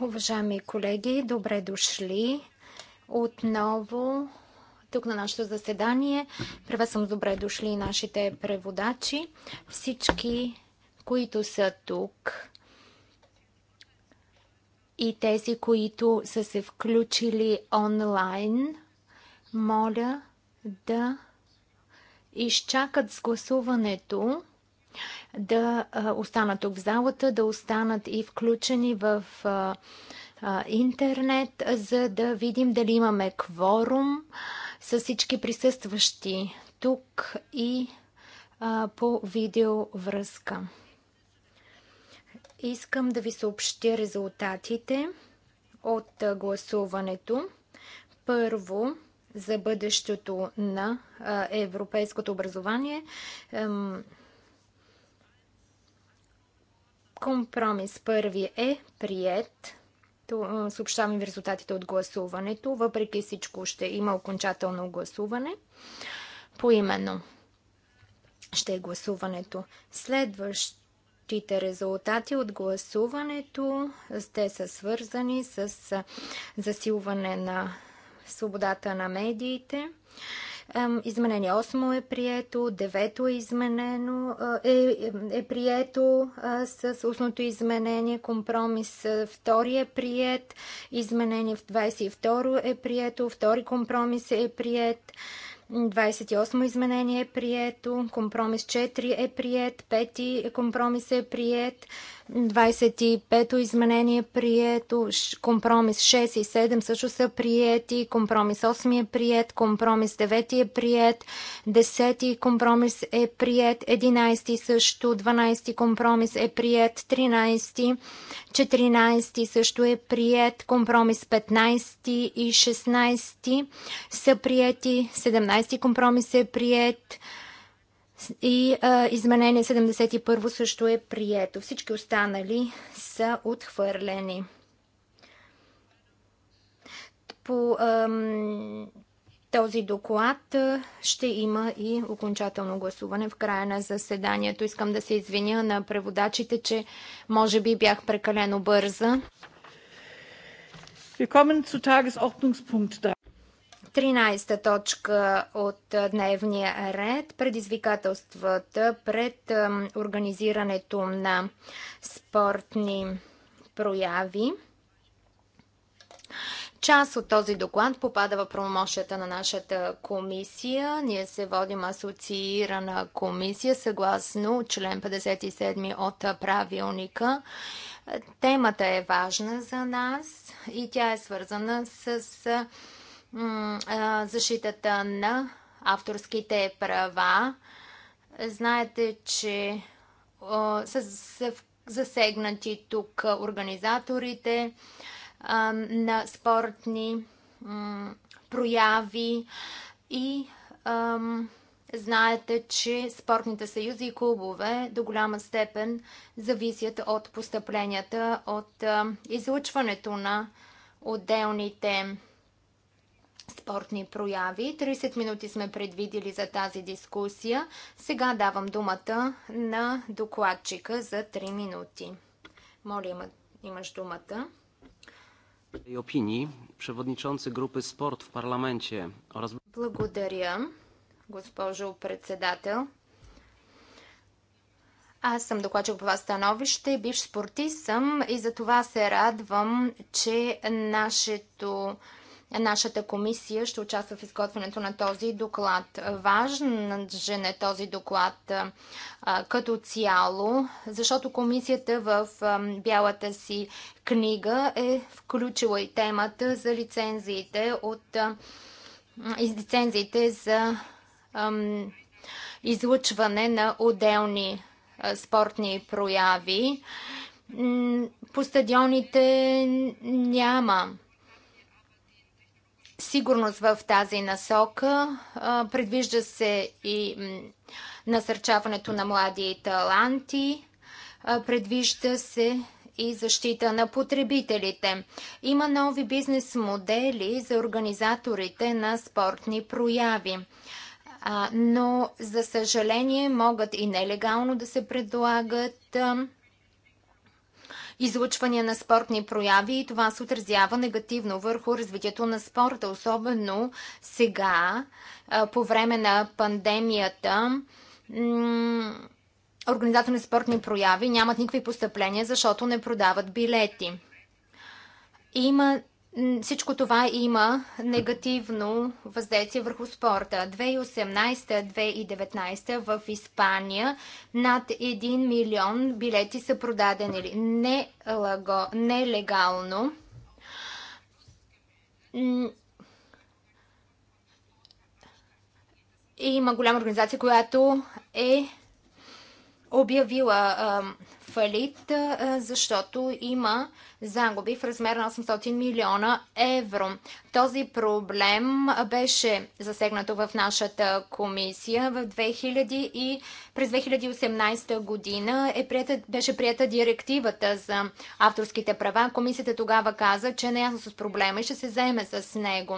Уважаеми колеги, добре дошли отново тук на нашето заседание. Приветствам добре дошли нашите преводачи, всички, които са тук и тези, които са се включили онлайн. Моля да изчакат с гласуването да останат тук в залата, да останат и включени в интернет, за да видим дали имаме кворум с всички присъстващи тук и по видеовръзка. Искам да ви съобщя резултатите от гласуването. Първо, за бъдещето на европейското образование. Компромис първи е прият. Съобщавам ви резултатите от гласуването. Въпреки всичко ще има окончателно гласуване. именно ще е гласуването. Следващите резултати от гласуването те са свързани с засилване на свободата на медиите. Изменение 8 е прието, 9 е изменено, е, е прието с устното изменение, компромис 2 е прият, изменение в 22 е прието, втори компромис е прият. 28 изменение е прието, компромис 4 е прият, 5 компромис е прият, 25 изменение е прието, компромис 6 и 7 също са прияти, компромис 8 е прият, компромис 9 е прият, 10 компромис е прият, 11 също, 12 компромис е прият, 13, 14 също е прият, компромис 15 и 16 са прияти. 17 12 компромис е прият и а, изменение 71 също е прието. Всички останали са отхвърлени. По ам, този доклад ще има и окончателно гласуване в края на заседанието. Искам да се извиня на преводачите, че може би бях прекалено бърза. Wir kommen zu Tagesordnungspunkt 3. 13 точка от дневния ред предизвикателствата пред организирането на спортни прояви. Част от този доклад попада в промощата на нашата комисия. Ние се водим асоциирана комисия съгласно член 57 от правилника. Темата е важна за нас и тя е свързана с защитата на авторските права. Знаете, че са засегнати тук организаторите на спортни прояви и Знаете, че спортните съюзи и клубове до голяма степен зависят от постъпленията, от излучването на отделните спортни прояви. 30 минути сме предвидили за тази дискусия. Сега давам думата на докладчика за 3 минути. Моля, има, имаш думата. Опинии, групи спорт в парламенте. Благодаря, госпожо председател. Аз съм докладчик по това становище, бивш спортист съм и за това се радвам, че нашето Нашата комисия ще участва в изготвянето на този доклад. Важен е този доклад като цяло, защото комисията в бялата си книга е включила и темата за лицензиите от лицензиите за излъчване на отделни спортни прояви. По стадионите няма сигурност в тази насока. Предвижда се и насърчаването на млади таланти. Предвижда се и защита на потребителите. Има нови бизнес модели за организаторите на спортни прояви. Но, за съжаление, могат и нелегално да се предлагат излъчвания на спортни прояви и това се отразява негативно върху развитието на спорта, особено сега, по време на пандемията. Организатори на спортни прояви нямат никакви постъпления, защото не продават билети. Има всичко това има негативно въздействие върху спорта. 2018-2019 в Испания над 1 милион билети са продадени нелегално. И има голяма организация, която е обявила фалит, защото има загуби в размер на 800 милиона евро. Този проблем беше засегнато в нашата комисия в 2000 и през 2018 година е прията, беше прията директивата за авторските права. Комисията тогава каза, че е наясно с проблема и ще се заеме с него.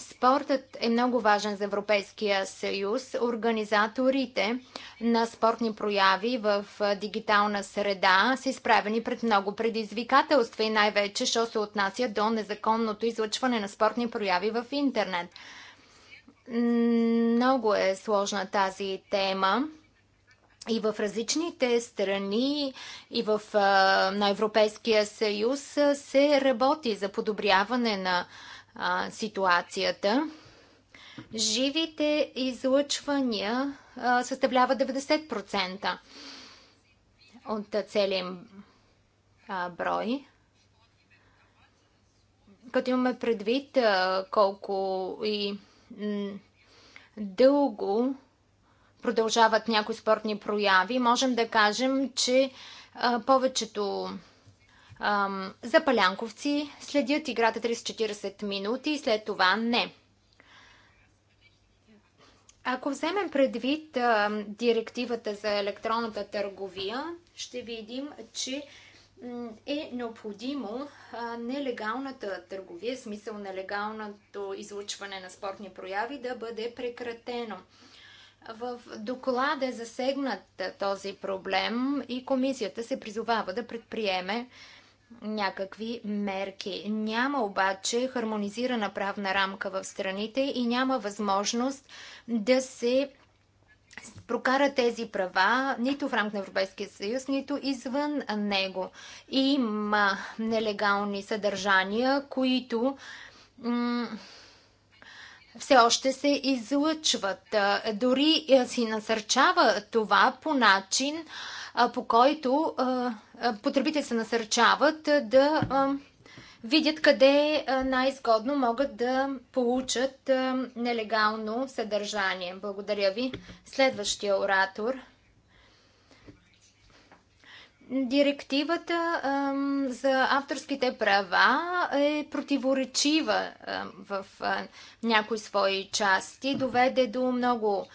Спортът е много важен за Европейския съюз. Организаторите на спортни прояви в дигитална среда са изправени пред много предизвикателства и най-вече, що се отнася до незаконното излъчване на спортни прояви в интернет. Много е сложна тази тема. И в различните страни, и в, на Европейския съюз се работи за подобряване на а, ситуацията. Живите излъчвания а, съставляват 90% от целия брой. Като имаме предвид а, колко и дълго продължават някои спортни прояви, можем да кажем, че а, повечето за палянковци следят играта 30-40 минути и след това не. Ако вземем предвид а, директивата за електронната търговия, ще видим, че е необходимо а, нелегалната търговия, смисъл нелегалното излучване на спортни прояви да бъде прекратено. В доклада е засегнат този проблем и комисията се призовава да предприеме някакви мерки. Няма обаче хармонизирана правна рамка в страните и няма възможност да се прокара тези права нито в рамк на Европейския съюз, нито извън него. Има нелегални съдържания, които все още се излъчват. Дори си насърчава това по начин, по който потребителите се насърчават да видят къде най-изгодно могат да получат нелегално съдържание. Благодаря ви. Следващия оратор. Директивата за авторските права е противоречива в някои свои части. Доведе до много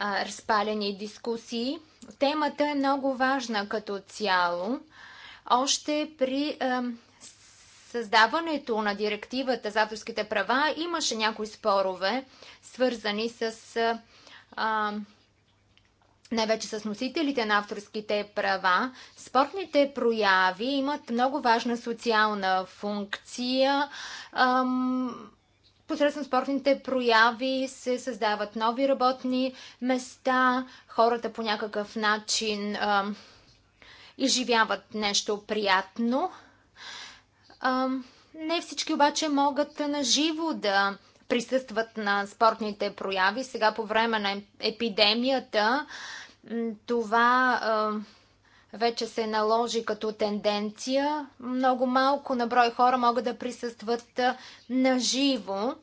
разпалени дискусии. Темата е много важна като цяло. Още при е, създаването на директивата за авторските права имаше някои спорове, свързани с е, най-вече с носителите на авторските права, спортните прояви имат много важна социална функция. Ам, Посредством спортните прояви се създават нови работни места, хората по някакъв начин а, изживяват нещо приятно. А, не всички обаче могат наживо да присъстват на спортните прояви. Сега по време на епидемията това а, вече се наложи като тенденция. Много малко на брой хора могат да присъстват на живо.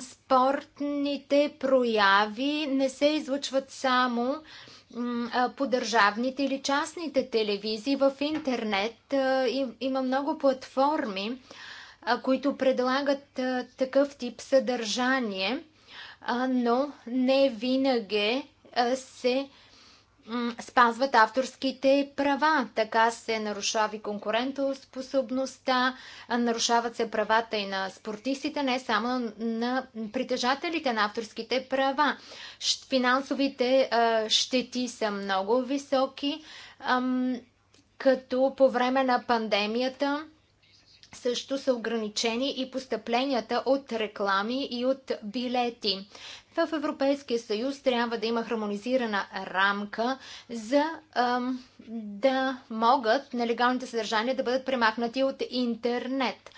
Спортните прояви не се излучват само по държавните или частните телевизии в интернет. Има много платформи, които предлагат такъв тип съдържание, но не винаги се спазват авторските права. Така се нарушава и конкурентоспособността, нарушават се правата и на спортистите, не само на притежателите на авторските права. Финансовите щети са много високи, като по време на пандемията също са ограничени и постъпленията от реклами и от билети. В Европейския съюз трябва да има хармонизирана рамка, за ам, да могат нелегалните съдържания да бъдат премахнати от интернет.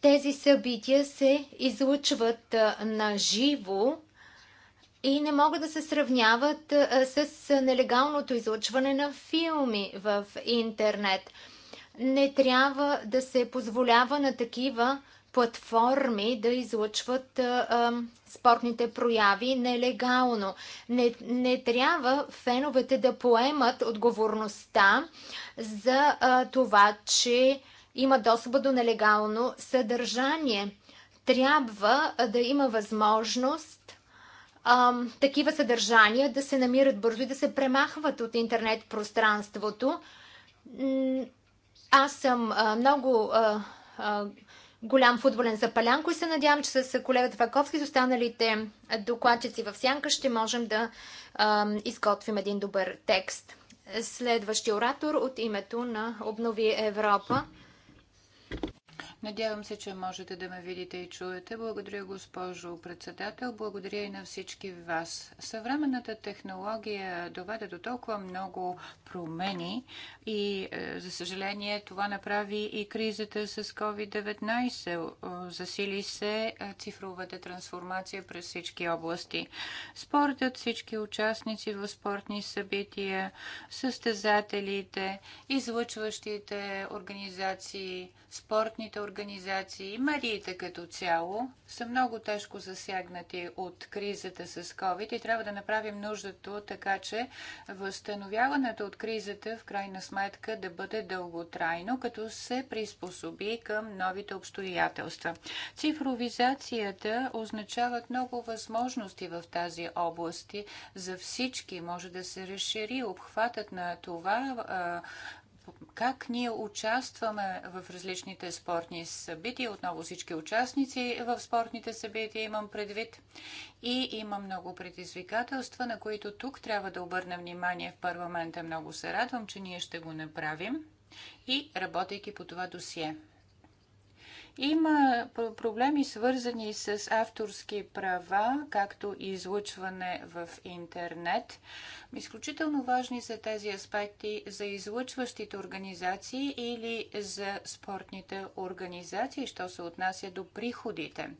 Тези събития се излъчват на живо и не могат да се сравняват с нелегалното излъчване на филми в интернет. Не трябва да се позволява на такива платформи да излъчват а, а, спортните прояви нелегално. Не, не трябва феновете да поемат отговорността за а, това, че има достъп до нелегално съдържание. Трябва да има възможност а, такива съдържания да се намират бързо и да се премахват от интернет пространството аз съм а, много а, а, голям футболен запалянко и се надявам, че с колегата Ваковски, с останалите докладчици в сянка ще можем да а, изготвим един добър текст. Следващия оратор от името на Обнови Европа. Надявам се, че можете да ме видите и чуете. Благодаря, госпожо председател. Благодаря и на всички вас. Съвременната технология доведе до толкова много промени и, е, за съжаление, това направи и кризата с COVID-19. Засили се е, цифровата трансформация през всички области. Спортът, всички участници в спортни събития, състезателите, излъчващите организации, спортните организации, организации и медиите като цяло са много тежко засягнати от кризата с COVID и трябва да направим нуждато така, че възстановяването от кризата в крайна сметка да бъде дълготрайно, като се приспособи към новите обстоятелства. Цифровизацията означават много възможности в тази област за всички. Може да се разшири обхватът на това как ние участваме в различните спортни събития, отново всички участници в спортните събития имам предвид. И има много предизвикателства, на които тук трябва да обърнем внимание в парламента. Много се радвам, че ние ще го направим и работейки по това досие. Има проблеми свързани с авторски права, както и излъчване в интернет. Изключително важни са тези аспекти за излъчващите организации или за спортните организации, що се отнася до приходите.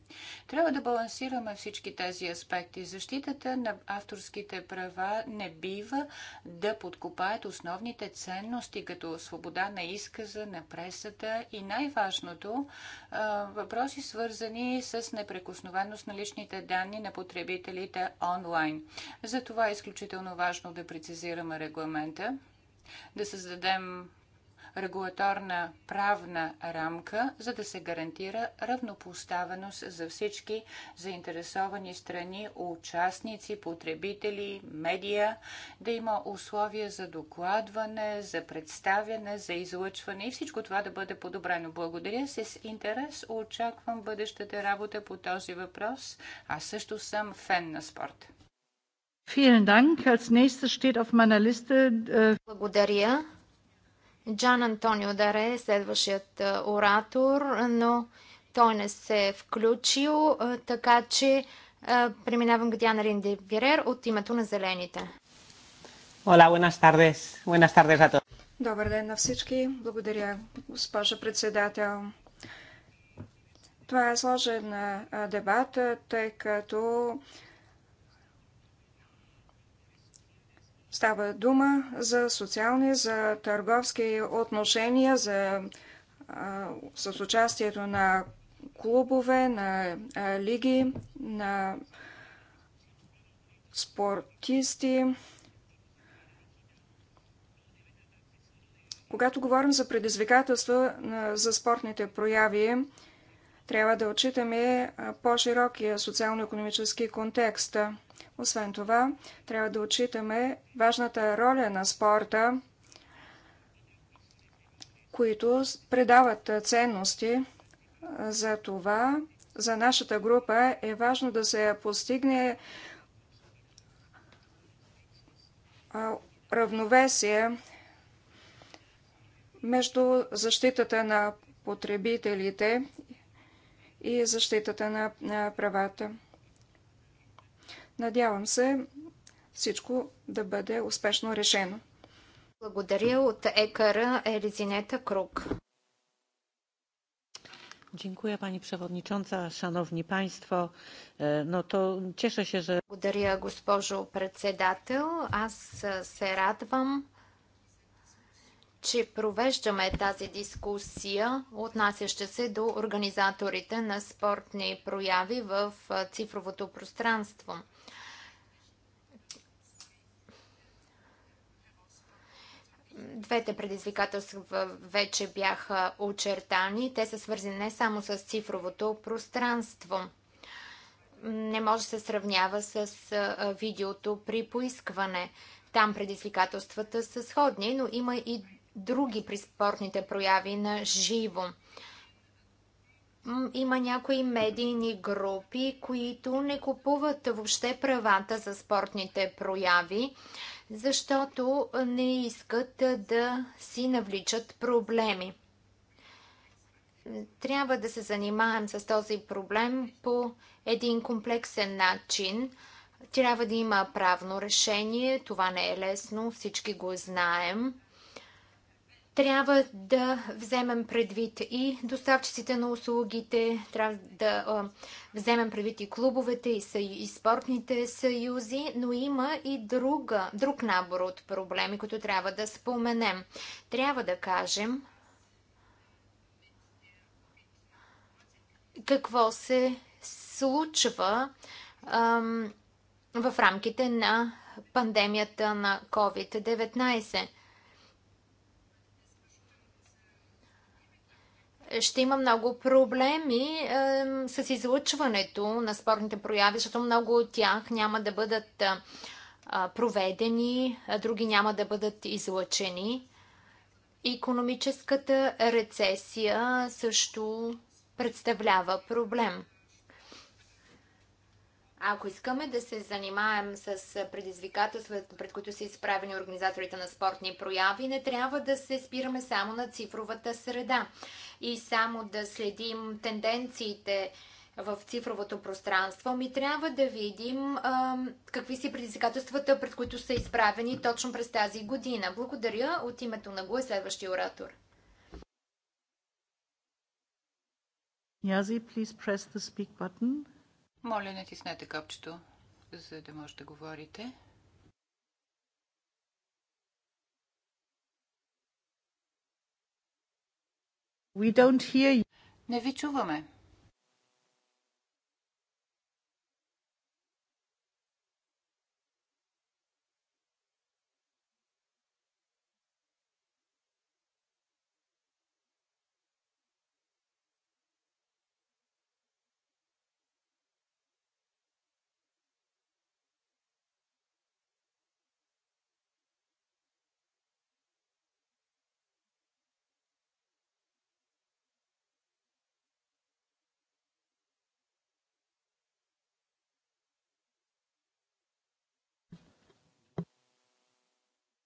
Трябва да балансираме всички тези аспекти. Защитата на авторските права не бива да подкопаят основните ценности, като свобода на изказа, на пресата и най-важното въпроси свързани с непрекосновеност на личните данни на потребителите онлайн. За това е изключително важно точно да прецизираме регламента, да създадем регулаторна правна рамка, за да се гарантира равнопоставеност за всички заинтересовани страни, участници, потребители, медия, да има условия за докладване, за представяне, за излъчване и всичко това да бъде подобрено. Благодаря. С интерес очаквам бъдещата работа по този въпрос. Аз също съм фен на спорта. Äh, Благодаря. Джан Антонио Даре е следващият оратор, но той не се е включил, е, така че е, преминавам към Диана Ринде Герер от името на Зелените. Hola, buenas tardes. Buenas tardes a todos. Добър ден на всички. Благодаря, госпожа председател. Това е сложен е, дебат, тъй като Става дума за социални, за търговски отношения, за, а, с участието на клубове, на а, лиги, на спортисти. Когато говорим за предизвикателства за спортните прояви, трябва да отчитаме по-широкия социално-економически контекст. Освен това, трябва да отчитаме важната роля на спорта, които предават ценности. За това, за нашата група е важно да се постигне равновесие между защитата на потребителите и защитата на, правата. Надявам се всичко да бъде успешно решено. Благодаря от ЕКР Елизинета Круг. Dziękuję Pani Przewodnicząca, Szanowni Państwo. E, no to cieszę się, że... Благодаря, госпожо председател. Аз се радвам, че провеждаме тази дискусия, отнасяща се до организаторите на спортни прояви в цифровото пространство. Двете предизвикателства вече бяха очертани. Те са свързани не само с цифровото пространство. Не може да се сравнява с видеото при поискване. Там предизвикателствата са сходни, но има и други при спортните прояви на живо. Има някои медийни групи, които не купуват въобще правата за спортните прояви, защото не искат да си навличат проблеми. Трябва да се занимаем с този проблем по един комплексен начин. Трябва да има правно решение. Това не е лесно, всички го знаем трябва да вземем предвид и доставчиците на услугите, трябва да а, вземем предвид и клубовете, и, съю, и спортните съюзи, но има и друга, друг набор от проблеми, които трябва да споменем. Трябва да кажем какво се случва ам, в рамките на пандемията на COVID-19. ще има много проблеми е, с излъчването на спортните прояви, защото много от тях няма да бъдат е, проведени, а други няма да бъдат излъчени. Икономическата рецесия също представлява проблем. Ако искаме да се занимаем с предизвикателствата, пред които са изправени организаторите на спортни прояви, не трябва да се спираме само на цифровата среда и само да следим тенденциите в цифровото пространство, ми трябва да видим а, какви са предизвикателствата, пред които са изправени точно през тази година. Благодаря от името на ГУЕ следващия оратор. Язи, please press the speak button. Моля, натиснете копчето, за да може да говорите. We don't hear you. Не ви чуваме.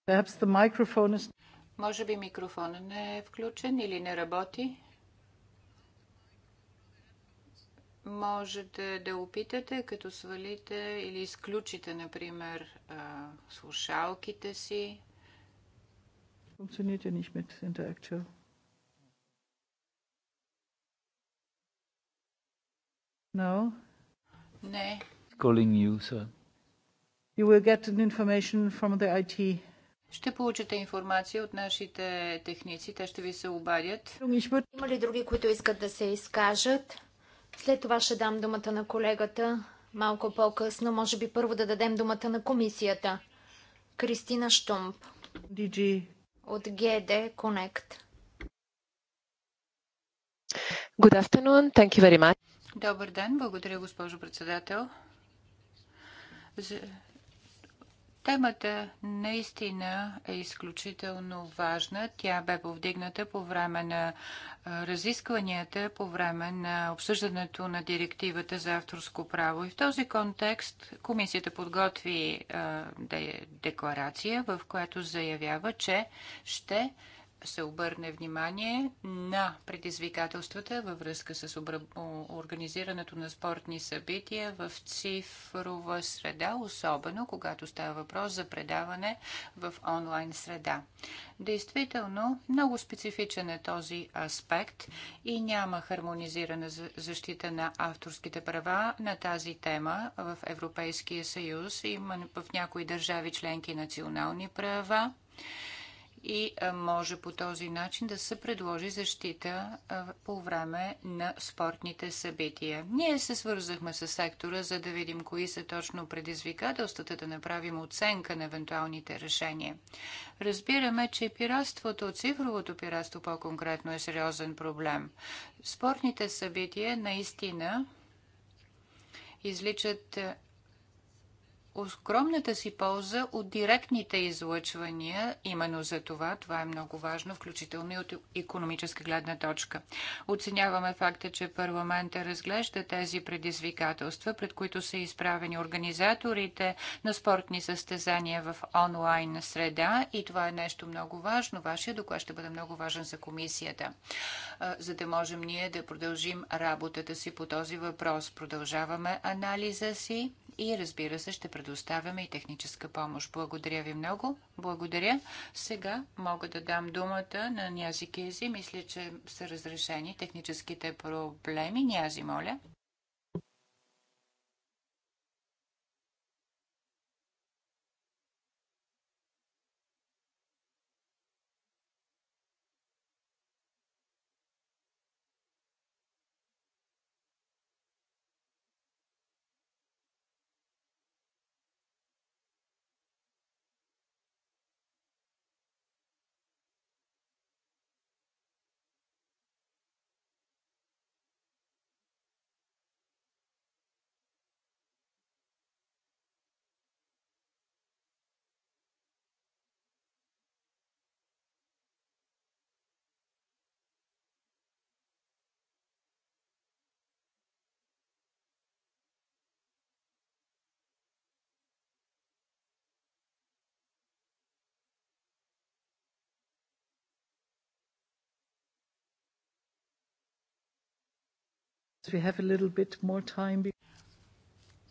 Is... Може би микрофонът не е включен или не работи. Можете да опитате, като свалите или изключите, например, слушалките си. Функционирате ja nicht mit Interactual. No? Не. Calling you, sir. You will get an information from the IT ще получите информация от нашите техници. Те ще ви се обадят. Има ли други, които искат да се изкажат? След това ще дам думата на колегата малко по-късно. Може би първо да дадем думата на комисията. Кристина Штумп. DG. От GD Connect. Good afternoon. Thank you very much. Добър ден. Благодаря, госпожо председател. Темата наистина е изключително важна. Тя бе повдигната по време на разискванията, по време на обсъждането на директивата за авторско право. И в този контекст комисията подготви декларация, в която заявява, че ще се обърне внимание на предизвикателствата във връзка с организирането на спортни събития в цифрова среда, особено когато става въпрос за предаване в онлайн среда. Действително, много специфичен е този аспект и няма хармонизирана защита на авторските права на тази тема в Европейския съюз. Има в някои държави членки национални права и може по този начин да се предложи защита по време на спортните събития. Ние се свързахме с сектора, за да видим кои са точно предизвикателствата, да направим оценка на евентуалните решения. Разбираме, че пиратството, цифровото пиратство по-конкретно е сериозен проблем. Спортните събития наистина изличат огромната си полза от директните излъчвания. Именно за това това е много важно, включително и от економическа гледна точка. Оценяваме факта, че парламента разглежда тези предизвикателства, пред които са изправени организаторите на спортни състезания в онлайн среда и това е нещо много важно. Вашия доклад ще бъде много важен за комисията, за да можем ние да продължим работата си по този въпрос. Продължаваме анализа си и разбира се ще предоставяме и техническа помощ. Благодаря ви много. Благодаря. Сега мога да дам думата на Нязи Кези. Мисля, че са разрешени техническите проблеми. Нязи, моля.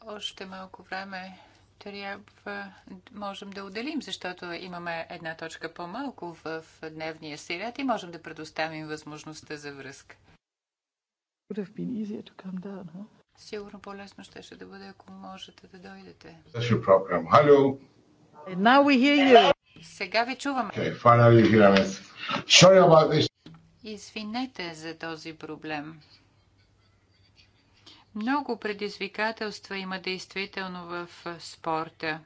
Още малко време трябва, можем да отделим, защото имаме една точка по-малко в дневния си ред и можем да предоставим възможността за връзка. Down, huh? Сигурно по-лесно ще, ще да бъде, ако можете да дойдете. Now we hear you. Сега ви чуваме. Okay, Извинете за този проблем. Много предизвикателства има действително в спорта.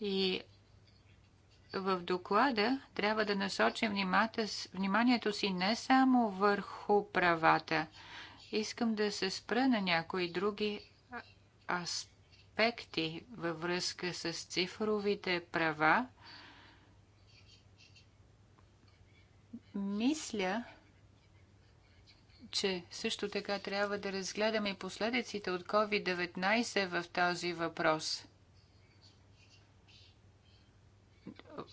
И в доклада трябва да насочим вниманието си не само върху правата. Искам да се спра на някои други аспекти във връзка с цифровите права. Мисля, че също така трябва да разгледаме и последиците от COVID-19 в този въпрос.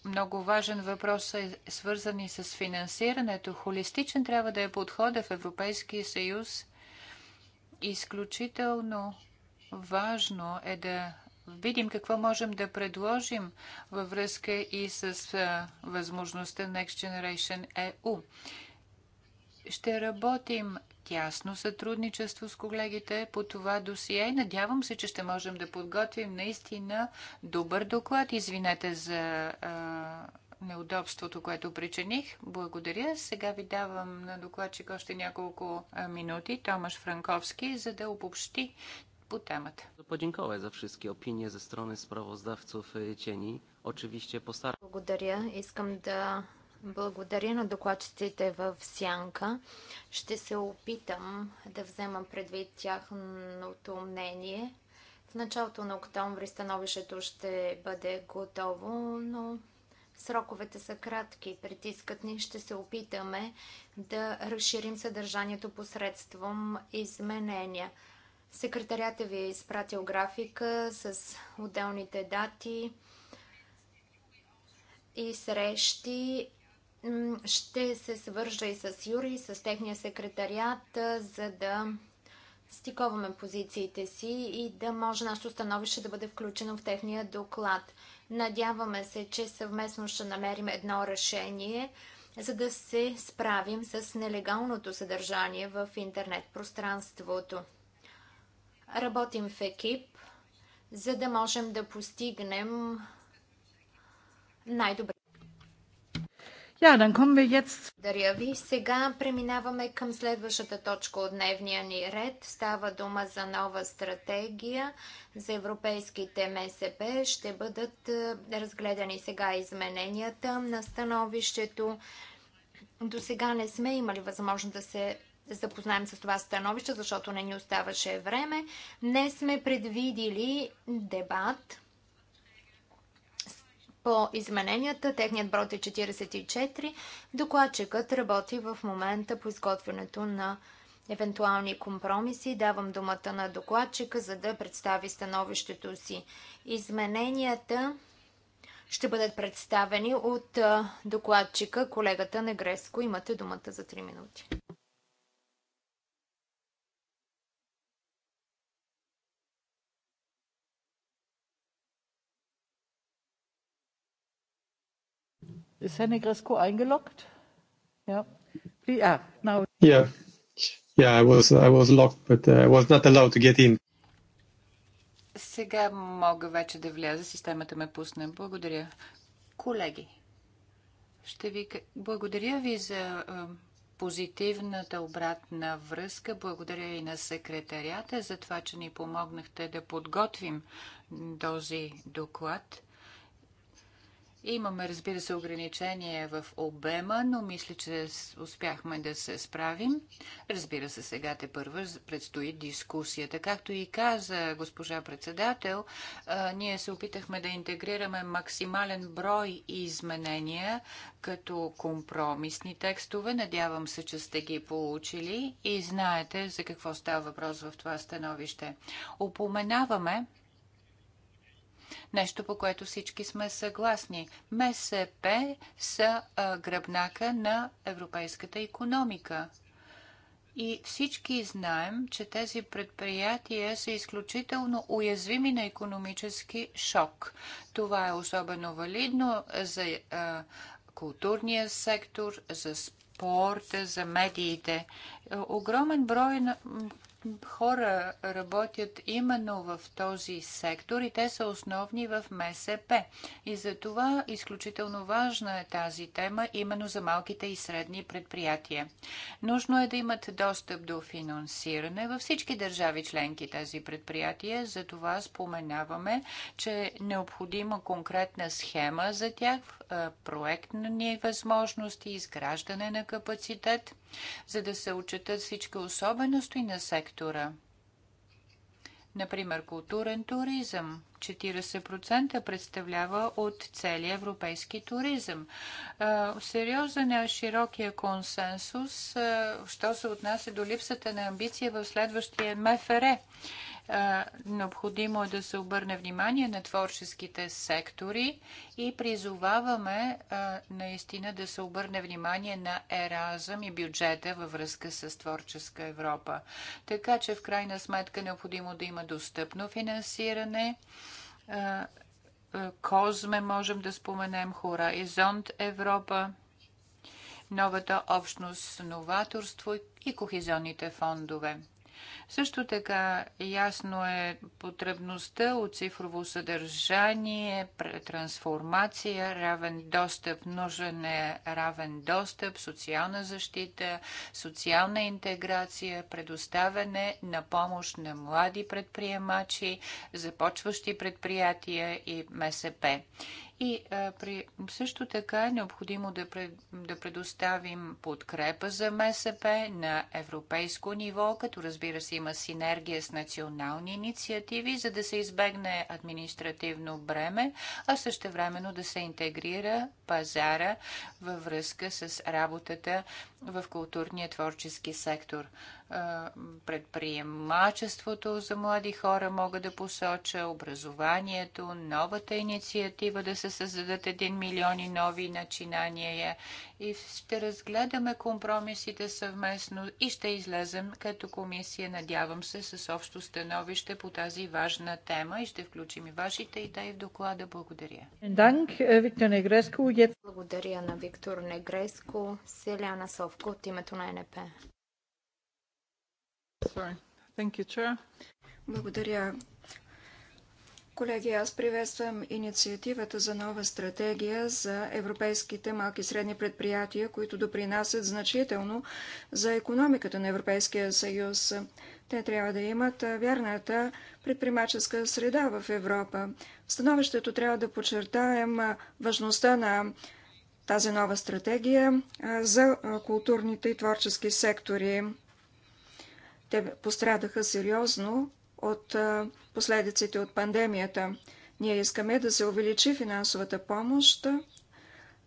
Много важен въпрос е свързан и с финансирането. Холистичен трябва да е подхода в Европейския съюз. Изключително важно е да видим какво можем да предложим във връзка и с възможността Next Generation EU ще работим тясно сътрудничество с колегите по това досие и надявам се, че ще можем да подготвим наистина добър доклад. Извинете за а, неудобството, което причиних. Благодаря. Сега ви давам на докладчик още няколко минути, Томаш Франковски, за да обобщи по темата. Podziękować za wszystkie opinie ze strony sprawozdawców cieni. Очевидно, postaram е Благодаря. Искам да благодаря на докладчиците в Сянка. Ще се опитам да взема предвид тяхното мнение. В началото на октомври становището ще бъде готово, но сроковете са кратки, притискат ни. Ще се опитаме да разширим съдържанието посредством изменения. Секретарята ви е изпратил графика с отделните дати и срещи ще се свържа и с Юри, с техния секретариат, за да стиковаме позициите си и да може нашето становище да бъде включено в техния доклад. Надяваме се, че съвместно ще намерим едно решение, за да се справим с нелегалното съдържание в интернет пространството. Работим в екип, за да можем да постигнем най-добре. Ja, dann kommen wir jetzt. Даря ви. Сега преминаваме към следващата точка от дневния ни ред. Става дума за нова стратегия за европейските МСП. Ще бъдат е, разгледани сега измененията на становището. До сега не сме имали възможност да се запознаем с това становище, защото не ни оставаше време. Днес сме предвидили дебат по измененията. Техният брод е 44. Докладчикът работи в момента по изготвянето на евентуални компромиси. Давам думата на докладчика, за да представи становището си. Измененията ще бъдат представени от докладчика, колегата Негреско. Имате думата за 3 минути. Ist Herr Negresco eingeloggt? Ja. Yeah. Yeah. Now. Yeah. Yeah, I was I was locked, but uh, I was not allowed to get in. Сега мога вече да вляза. Системата ме пусне. Благодаря. Колеги, ще ви благодаря ви за позитивната обратна връзка. Благодаря и на секретарята за това, че ни помогнахте да подготвим този доклад. Имаме, разбира се, ограничение в обема, но мисля, че успяхме да се справим. Разбира се, сега те първа предстои дискусията. Както и каза госпожа председател, ние се опитахме да интегрираме максимален брой изменения като компромисни текстове. Надявам се, че сте ги получили и знаете за какво става въпрос в това становище. Опоменаваме Нещо, по което всички сме съгласни. МСП са а, гръбнака на европейската економика. И всички знаем, че тези предприятия са изключително уязвими на економически шок. Това е особено валидно за а, културния сектор, за спорта, за медиите. Огромен брой на хора работят именно в този сектор и те са основни в МСП. И за това изключително важна е тази тема именно за малките и средни предприятия. Нужно е да имат достъп до финансиране във всички държави членки тези предприятия. За това споменаваме, че е необходима конкретна схема за тях, проектни възможности, изграждане на капацитет за да се отчетат всички особености на сектора. Например, културен туризъм. 40% представлява от целия европейски туризъм. Сериозен е широкия консенсус, що се отнася до липсата на амбиция в следващия МФР. Е, необходимо е да се обърне внимание на творческите сектори и призоваваме е, наистина да се обърне внимание на Еразъм и бюджета във връзка с творческа Европа. Така че в крайна сметка необходимо да има достъпно финансиране. Е, Козме можем да споменем, Хоризонт Европа, новата общност новаторство и кохизионните фондове. Също така ясно е потребността от цифрово съдържание, трансформация, равен достъп, нужен е равен достъп, социална защита, социална интеграция, предоставяне на помощ на млади предприемачи, започващи предприятия и МСП. И а, при, също така е необходимо да, пред, да предоставим подкрепа за МСП на европейско ниво, като разбира се има синергия с национални инициативи, за да се избегне административно бреме, а също времено да се интегрира пазара във връзка с работата в културния творчески сектор. Е, предприемачеството за млади хора мога да посоча, образованието, новата инициатива да се създадат 1 милион и нови начинания и ще разгледаме компромисите съвместно и ще излезем като комисия, надявам се, с общо становище по тази важна тема и ще включим и вашите идеи в доклада. Благодаря. Е, Благодаря на Виктор Негреско, Селяна Совко от името на НП. Sorry. Thank you, Chair. Благодаря, Колеги, аз приветствам инициативата за нова стратегия за европейските малки и средни предприятия, които допринасят значително за економиката на Европейския съюз. Те трябва да имат вярната предприемаческа среда в Европа. В становището трябва да подчертаем важността на тази нова стратегия за културните и творчески сектори. Те пострадаха сериозно от последиците от пандемията. Ние искаме да се увеличи финансовата помощ,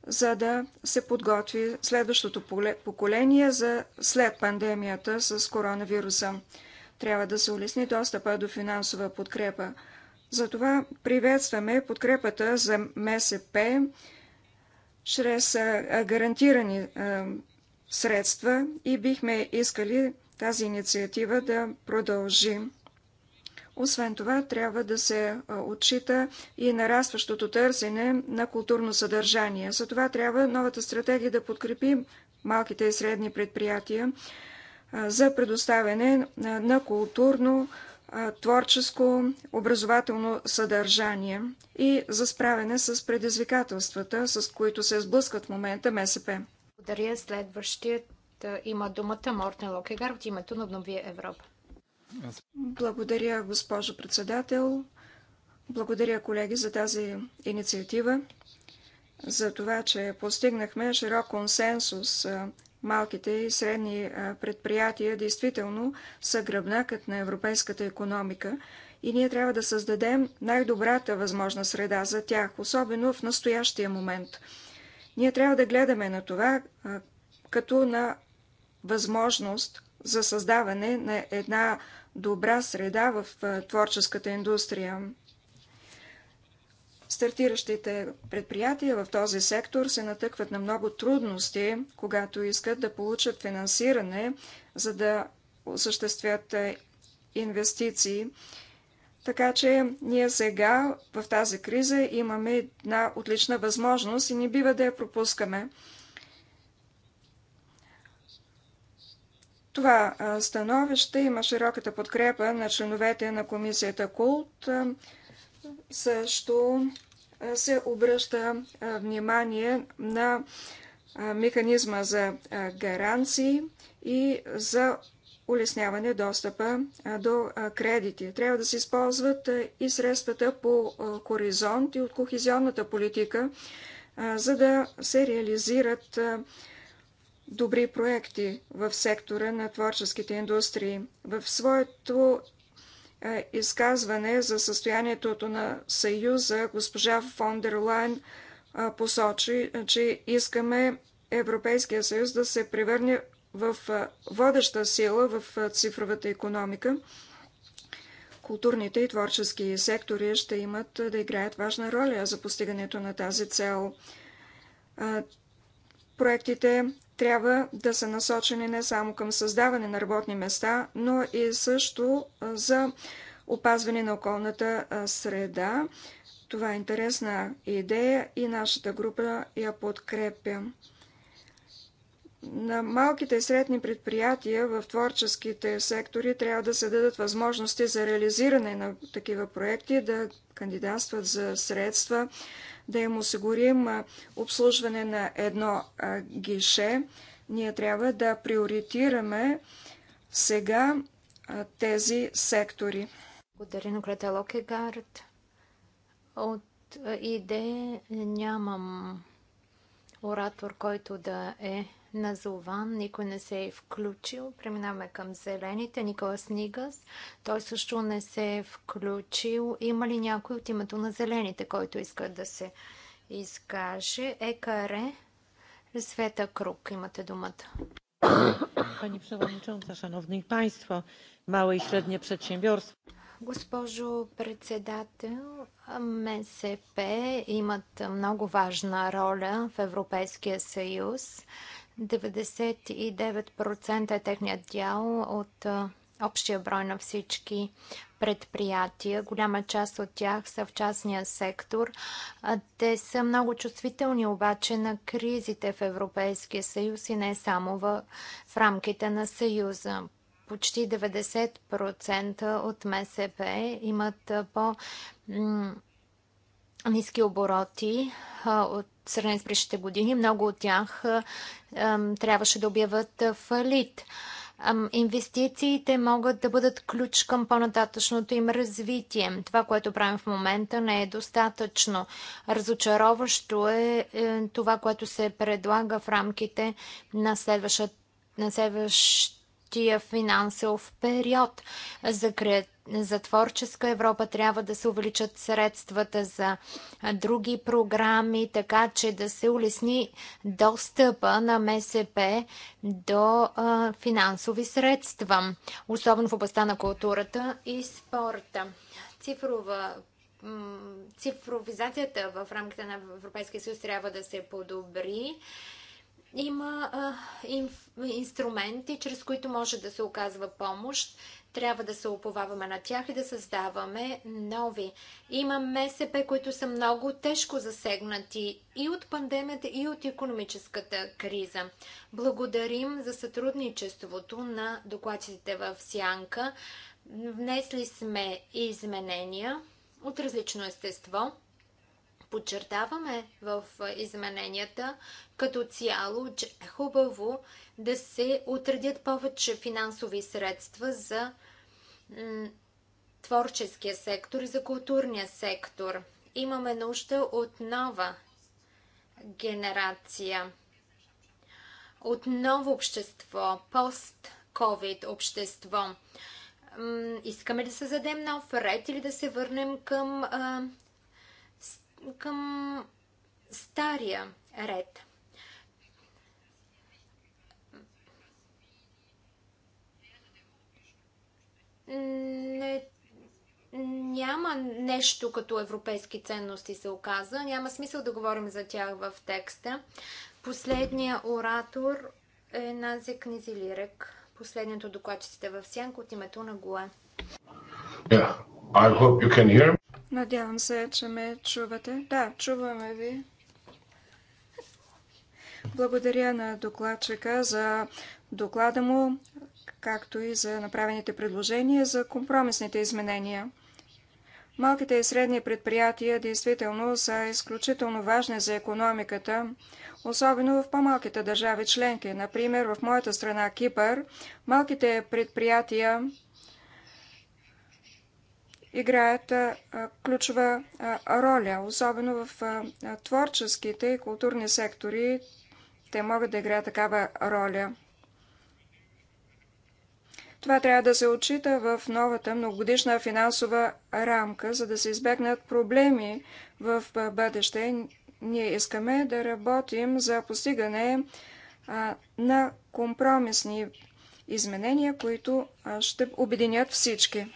за да се подготви следващото поколение за след пандемията с коронавируса. Трябва да се улесни достъпа до финансова подкрепа. Затова приветстваме подкрепата за МСП чрез гарантирани средства и бихме искали тази инициатива да продължи. Освен това, трябва да се отчита и нарастващото търсене на културно съдържание. За това трябва новата стратегия да подкрепи малките и средни предприятия за предоставяне на културно, творческо, образователно съдържание и за справяне с предизвикателствата, с които се сблъскват в момента МСП. Благодаря. Следващият има думата Мортен Локегар от името на Обнови Европа. Благодаря, госпожо председател. Благодаря, колеги, за тази инициатива, за това, че постигнахме широк консенсус. Малките и средни предприятия действително са гръбнакът на европейската економика и ние трябва да създадем най-добрата възможна среда за тях, особено в настоящия момент. Ние трябва да гледаме на това като на възможност за създаване на една добра среда в творческата индустрия. Стартиращите предприятия в този сектор се натъкват на много трудности, когато искат да получат финансиране, за да осъществят инвестиции. Така че ние сега в тази криза имаме една отлична възможност и не бива да я пропускаме. Това становище има широката подкрепа на членовете на комисията КУЛТ. Също се обръща внимание на механизма за гаранции и за улесняване достъпа до кредити. Трябва да се използват и средствата по хоризонт и от кохезионната политика, за да се реализират добри проекти в сектора на творческите индустрии. В своето е, изказване за състоянието на Съюза госпожа фон дер Лайн е, посочи, е, че искаме Европейския съюз да се превърне в водеща сила в цифровата економика. Културните и творчески сектори ще имат да играят важна роля за постигането на тази цел. Проектите трябва да са насочени не само към създаване на работни места, но и също за опазване на околната среда. Това е интересна идея и нашата група я подкрепя на малките и средни предприятия в творческите сектори трябва да се дадат възможности за реализиране на такива проекти, да кандидатстват за средства, да им осигурим обслужване на едно гише. Ние трябва да приоритираме сега тези сектори. Благодаря на Грета Локегард. От идея нямам оратор, който да е Назован. Никой не се е включил. Преминаваме към зелените. Никола Нигас, Той също не се е включил. Има ли някой от името на зелените, който иска да се изкаже? Екаре. Света Круг. Имате думата. Пани Przewodnicząca, Szanowni Państwo, małe i średnie przedsiębiorstwa. Госпожо председател, МСП имат много важна роля в Европейския съюз. 99% е техният дял от общия брой на всички предприятия. Голяма част от тях са в частния сектор. Те са много чувствителни обаче на кризите в Европейския съюз и не само в, в рамките на съюза. Почти 90% от МСП имат по- низки обороти от сравнение с предишните години, много от тях трябваше да обяват фалит. Инвестициите могат да бъдат ключ към по-нататъчното им развитие. Това, което правим в момента, не е достатъчно. Разочароващо е, е това, което се предлага в рамките на следващата на следващ настоящия финансов период. За, кре... за творческа Европа трябва да се увеличат средствата за други програми, така че да се улесни достъпа на МСП до а, финансови средства, особено в областта на културата и спорта. Цифрова цифровизацията в рамките на Европейския съюз трябва да се подобри. Има а, инструменти, чрез които може да се оказва помощ. Трябва да се оповаваме на тях и да създаваме нови. Има МСП, които са много тежко засегнати и от пандемията, и от економическата криза. Благодарим за сътрудничеството на докладчиците в Сянка. Внесли сме изменения от различно естество подчертаваме в измененията като цяло, че е хубаво да се отредят повече финансови средства за творческия сектор и за културния сектор. Имаме нужда от нова генерация, от ново общество, пост-ковид общество искаме да създадем нов ред или да се върнем към а, към стария ред. Не, няма нещо като европейски ценности се оказа. Няма смисъл да говорим за тях в текста. Последният оратор е Назия Книзилирек. Последният докладчиците в Сянка от името на Гуа. Yeah. I hope you can hear me. Надявам се, че ме чувате. Да, чуваме ви. Благодаря на докладчика за доклада му, както и за направените предложения за компромисните изменения. Малките и средни предприятия действително са изключително важни за економиката, особено в по-малките държави членки. Например, в моята страна Кипър, малките предприятия играят ключова роля, особено в творческите и културни сектори. Те могат да играят такава роля. Това трябва да се отчита в новата многогодишна финансова рамка, за да се избегнат проблеми в бъдеще. Ние искаме да работим за постигане на компромисни изменения, които ще обединят всички.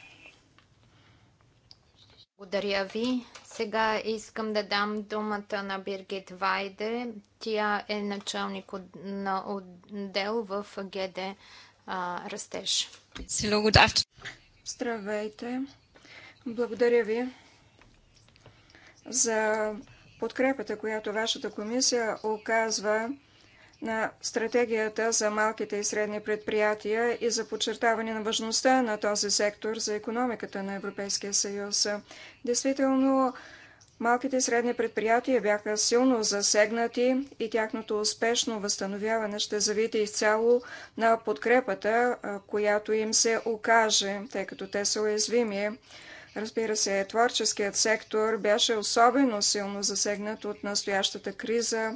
Благодаря ви. Сега искам да дам думата на Биргит Вайде. Тя е началник на отдел в ГД Растеж. Здравейте. Благодаря ви за подкрепата, която вашата комисия оказва на стратегията за малките и средни предприятия и за подчертаване на важността на този сектор за економиката на Европейския съюз. Действително, малките и средни предприятия бяха силно засегнати и тяхното успешно възстановяване ще завите изцяло на подкрепата, която им се окаже, тъй като те са уязвими. Разбира се, творческият сектор беше особено силно засегнат от настоящата криза.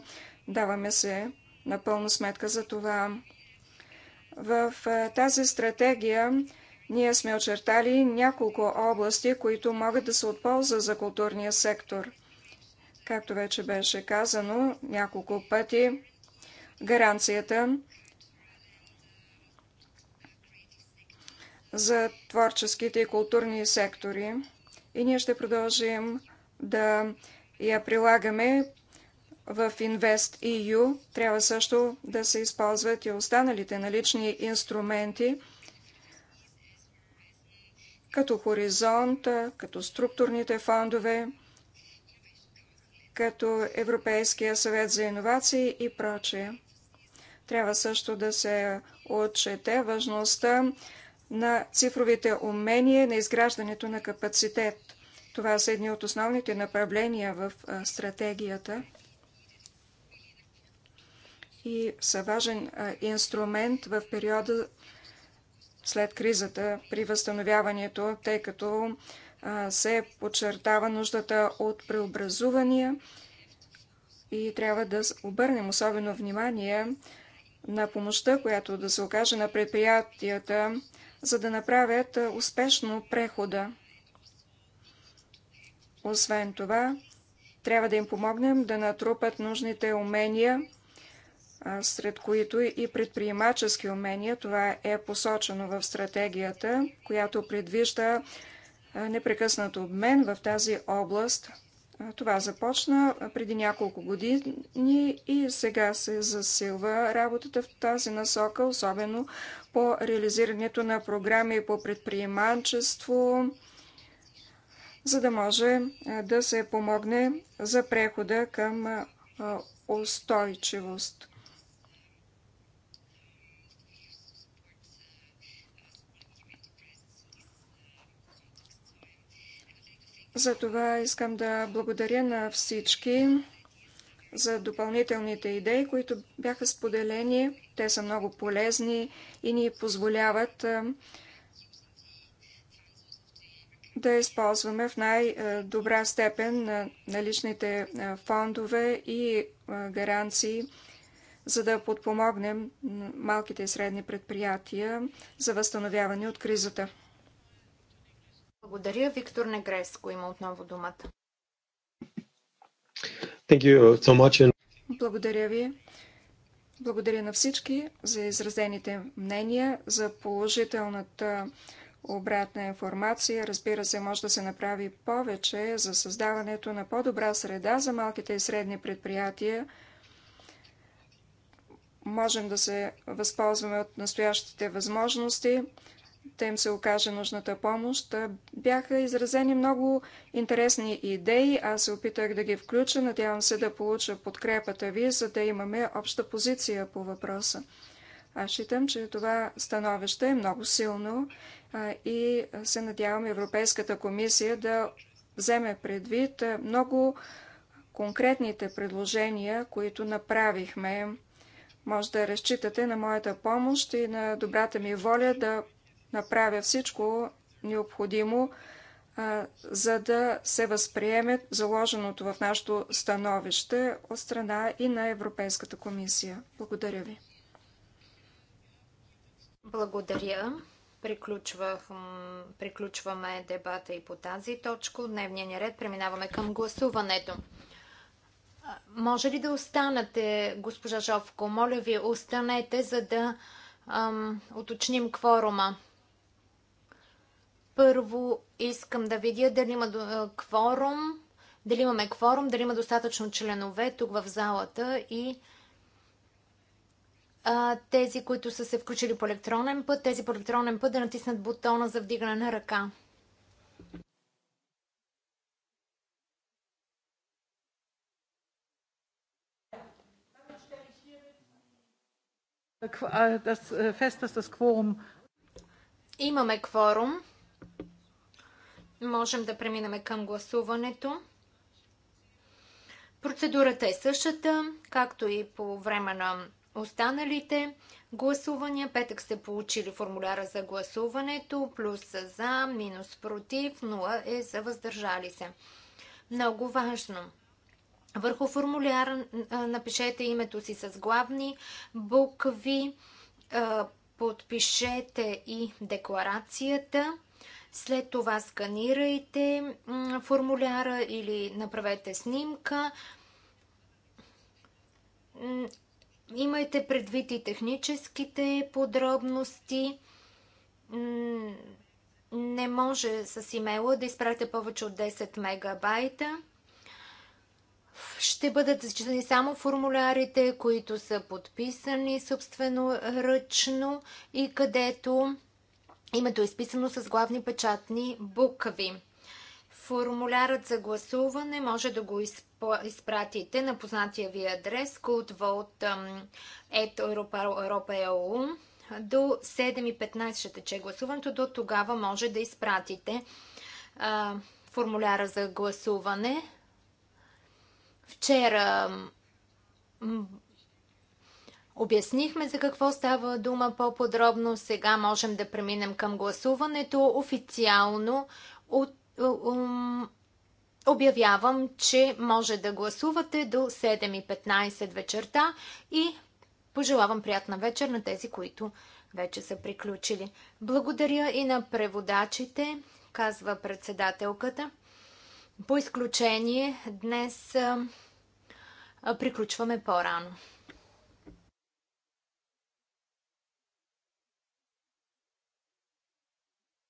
Даваме се напълно сметка за това. В тази стратегия ние сме очертали няколко области, които могат да се отполза за културния сектор. Както вече беше казано няколко пъти, гаранцията за творческите и културни сектори. И ние ще продължим да я прилагаме в Invest EU. Трябва също да се използват и останалите налични инструменти, като Хоризонта, като структурните фондове, като Европейския съвет за иновации и прочее. Трябва също да се отчете важността на цифровите умения, на изграждането на капацитет. Това са едни от основните направления в стратегията и са важен инструмент в периода след кризата при възстановяването, тъй като се подчертава нуждата от преобразувания и трябва да обърнем особено внимание на помощта, която да се окаже на предприятията, за да направят успешно прехода. Освен това, трябва да им помогнем да натрупат нужните умения – сред които и предприемачески умения. Това е посочено в стратегията, която предвижда непрекъснат обмен в тази област. Това започна преди няколко години и сега се засилва работата в тази насока, особено по реализирането на програми по предприемачество, за да може да се помогне за прехода към устойчивост. Затова искам да благодаря на всички за допълнителните идеи, които бяха споделени. Те са много полезни и ни позволяват да използваме в най-добра степен на наличните фондове и гаранции, за да подпомогнем малките и средни предприятия за възстановяване от кризата. Благодаря. Виктор Негреско има отново думата. Thank you so much. And... Благодаря ви. Благодаря на всички за изразените мнения, за положителната обратна информация. Разбира се, може да се направи повече за създаването на по-добра среда за малките и средни предприятия. Можем да се възползваме от настоящите възможности да им се окаже нужната помощ. Бяха изразени много интересни идеи. Аз се опитах да ги включа. Надявам се да получа подкрепата ви, за да имаме обща позиция по въпроса. Аз считам, че това становище е много силно и се надявам Европейската комисия да вземе предвид много конкретните предложения, които направихме. Може да разчитате на моята помощ и на добрата ми воля да направя всичко необходимо, за да се възприеме заложеното в нашето становище от страна и на Европейската комисия. Благодаря ви. Благодаря. Приключвам, приключваме дебата и по тази точка. Дневния ни ред преминаваме към гласуването. Може ли да останете, госпожа Жовко? Моля ви, останете, за да ам, уточним кворума. Първо искам да видя дали има кворум, дали имаме кворум, дали има достатъчно членове тук в залата и а, тези, които са се включили по електронен път, тези по електронен път да натиснат бутона за вдигане на ръка. Äh, äh, имаме кворум. Можем да преминем към гласуването. Процедурата е същата, както и по време на останалите гласувания. Петък сте получили формуляра за гласуването, плюс за, минус против, 0 е за въздържали се. Много важно. Върху формуляра напишете името си с главни букви, подпишете и декларацията. След това сканирайте формуляра или направете снимка. Имайте предвид и техническите подробности. Не може с имейла да изпратите повече от 10 мегабайта. Ще бъдат зачитани само формулярите, които са подписани собствено ръчно и където Името е изписано с главни печатни букви. Формулярът за гласуване може да го изпратите на познатия ви адрес cultvote.europa.eu до 7.15 ще тече гласуването. До тогава може да изпратите а, формуляра за гласуване. Вчера Обяснихме за какво става дума по-подробно. Сега можем да преминем към гласуването. Официално от, обявявам, че може да гласувате до 7.15 вечерта и пожелавам приятна вечер на тези, които вече са приключили. Благодаря и на преводачите, казва председателката. По изключение, днес приключваме по-рано.